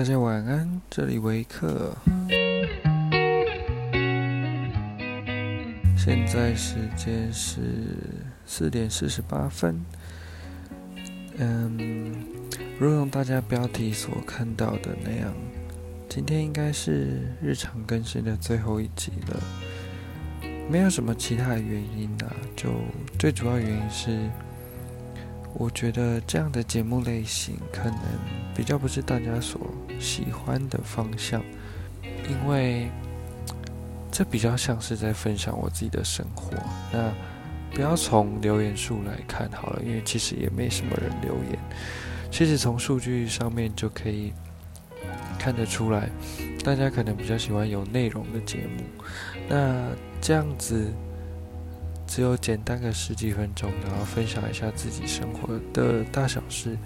大家晚安，這裡維克。現在時間是四點四十八分。嗯，如同大家標題所看到的那樣，今天應該是日常更新的最後一集了。沒有什麼其他的原因啊，就最主要原因是。我覺得這樣的節目類型可能比較不是大家所喜歡的方向，因為這比較像是在分享我自己的生活。那不要從留言數來看好了，因為其實也沒什麼人留言。其實從數據上面就可以看得出來，大家可能比較喜歡有內容的節目。那這樣子。只有簡單的十幾分鐘，然後分享一下自己生活的大小事，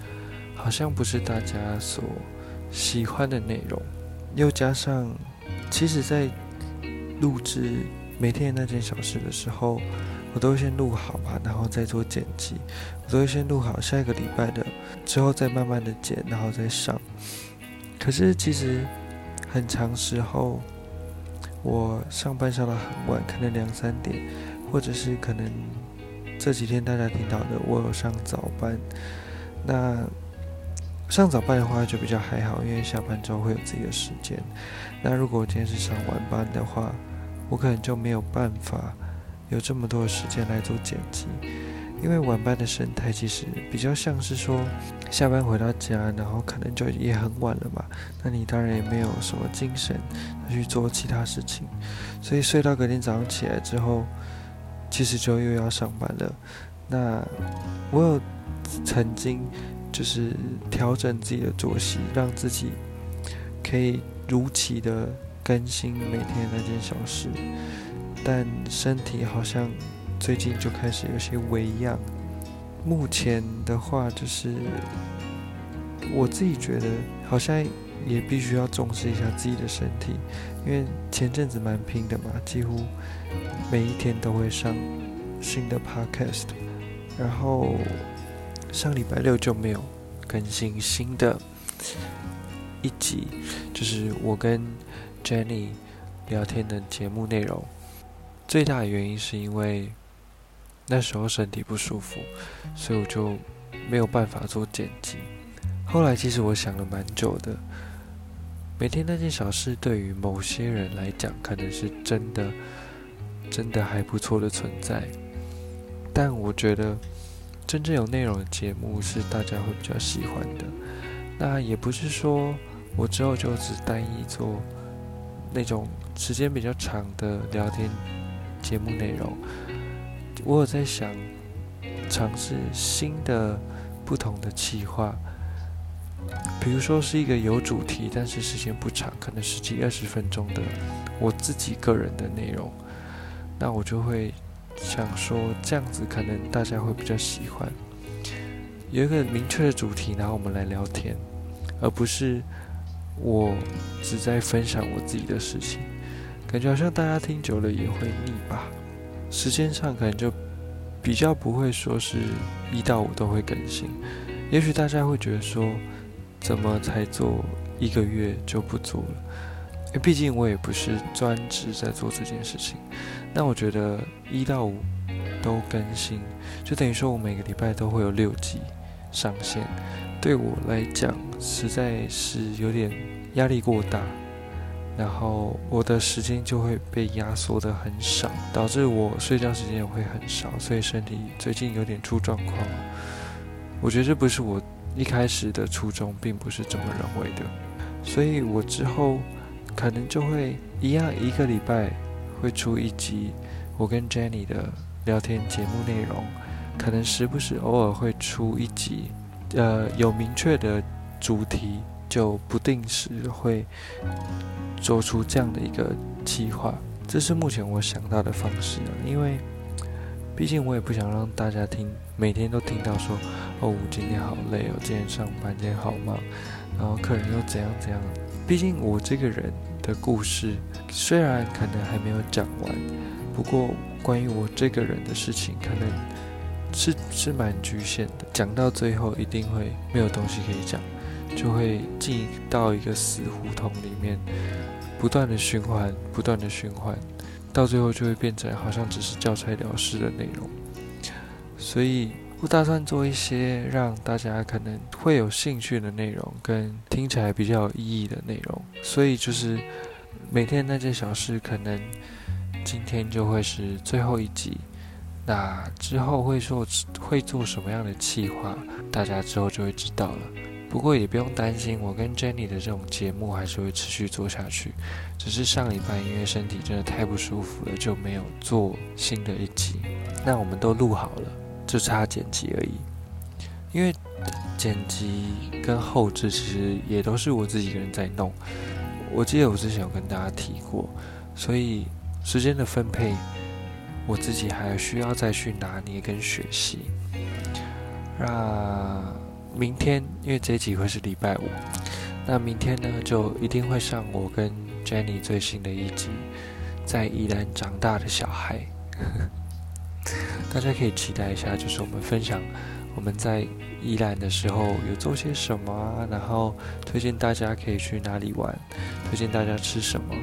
好像不是大家所喜歡的內容。又加上，其實，在錄製每天的那件小事的時候，我都會先錄好吧，然後再做剪輯。我都會先錄好下一個禮拜的，之後再慢慢的剪，然後再上。可是其實很長時候，我上班上到很晚，可能兩三點。或者是可能這幾天大家聽到的，我有上早班，那上早班的話就比較還好，因為下班之後會有自己的時間。那如果我今天是上晚班的話，我可能就沒有辦法有這麼多的時間來做剪輯，因為晚班的生態其實比較像是說下班回到家，然後可能就也很晚了嘛，那你當然也沒有什麼精神去做其他事情，所以睡到隔天早上起來之後。其實就又要上班了，那我有曾經就是調整自己的作息，讓自己可以如期的更新每天的那件小事，但身體好像最近就開始有些微恙。目前的話，就是我自己覺得好像。也必須要重視一下自己的身體，因為前陣子蠻拼的嘛，幾乎每一天都會上新的 Podcast，然後上禮拜六就沒有更新新的一集，就是我跟 Jenny 聊天的節目內容。最大的原因是因為那時候身體不舒服，所以我就沒有辦法做剪輯。後來其實我想了蠻久的。每天那件小事，對於某些人來講，可能是真的，真的還不錯的存在。但我覺得，真正有內容的節目是大家會比較喜歡的。那也不是說我之後就只單一做那種時間比較長的聊天節目內容。我有在想，嘗試新的、不同的企劃。比如說是一個有主題，但是時間不長，可能十幾二十分鐘的我自己個人的內容，那我就會想說，這樣子可能大家會比較喜歡，有一個明確的主題，然後我們來聊天，而不是我只在分享我自己的事情，感覺好像大家聽久了也會膩吧。時間上可能就比較不會說是一到五都會更新，也許大家會覺得說。怎麼才做一個月就不做了？因為畢竟我也不是專職在做這件事情。那我覺得一到五都更新，就等於說我每個禮拜都會有六集上線。對我來講，實在是有點壓力過大，然後我的時間就會被壓縮得很少，導致我睡覺時間也會很少，所以身體最近有點出狀況。我覺得這不是我。一開始的初衷並不是這麼認為的，所以我之後可能就會一樣，一個禮拜會出一集我跟 Jenny 的聊天節目內容，可能時不時偶爾會出一集，呃，有明確的主題，就不定時會做出這樣的一個計劃。這是目前我想到的方式，因為畢竟我也不想讓大家聽。每天都聽到說，哦，我今天好累，我今天上班今天好忙，然後客人又怎樣怎樣。畢竟我這個人的故事雖然可能還沒有講完，不過關於我這個人的事情，可能是是蠻局限的。講到最後一定會沒有東西可以講，就會進到一個死胡同裡面，不斷的循環，不斷的循環，到最後就會變成好像只是交差了事的內容。所以，我打算做一些讓大家可能會有興趣的內容，跟聽起來比較有意義的內容。所以就是每天的那件小事，可能今天就會是最後一集。那之後會做會做什麼樣的計劃，大家之後就會知道了。不過也不用擔心，我跟 Jenny 的這種節目還是會持續做下去。只是上禮拜因為身體真的太不舒服了，就沒有做新的一集。那我們都錄好了。就差剪輯而已，因為剪輯跟後製其實也都是我自己一個人在弄。我記得我之前有跟大家提過，所以時間的分配我自己還需要再去拿捏跟學習。那、啊、明天，因為這一集會是禮拜五，那明天呢，就一定會上我跟 Jenny 最新的一集《在宜蘭長大的小孩。》 大家可以期待一下，就是我們分享我們在宜蘭的時候有做些什麼啊，然後推薦大家可以去哪裡玩，推薦大家吃什麼，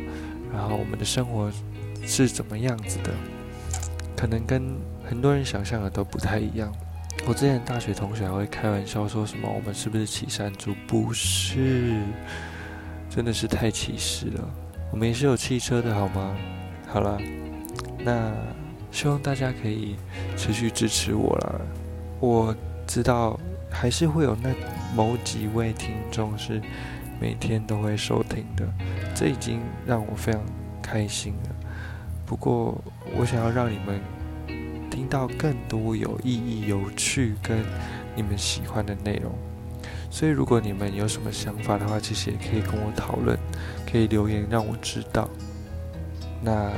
然後我們的生活是怎麼樣子的，可能跟很多人想象的都不太一樣。我之前大學同學還會開玩笑說什麼，我們是不是騎山豬？不是，真的是太歧視了。我們也是有汽車的好嗎？好了，那。希望大家可以持續支持我啦！我知道還是會有那某幾位聽眾是每天都會收聽的，這已經讓我非常開心了。不過我想要讓你們聽到更多有意義、有趣跟你們喜歡的內容，所以如果你們有什麼想法的話，其實也可以跟我討論，可以留言讓我知道。那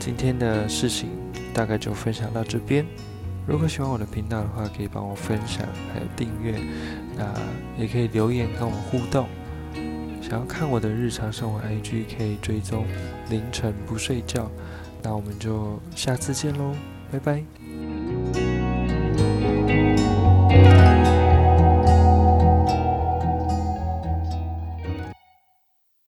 今天的事情。大概就分享到這邊。如果喜歡我的頻道的話，可以幫我分享還有訂閱，那也可以留言跟我互動。想要看我的日常生活 IG，可以追蹤凌晨不睡覺。那我們就下次見嘍，拜拜。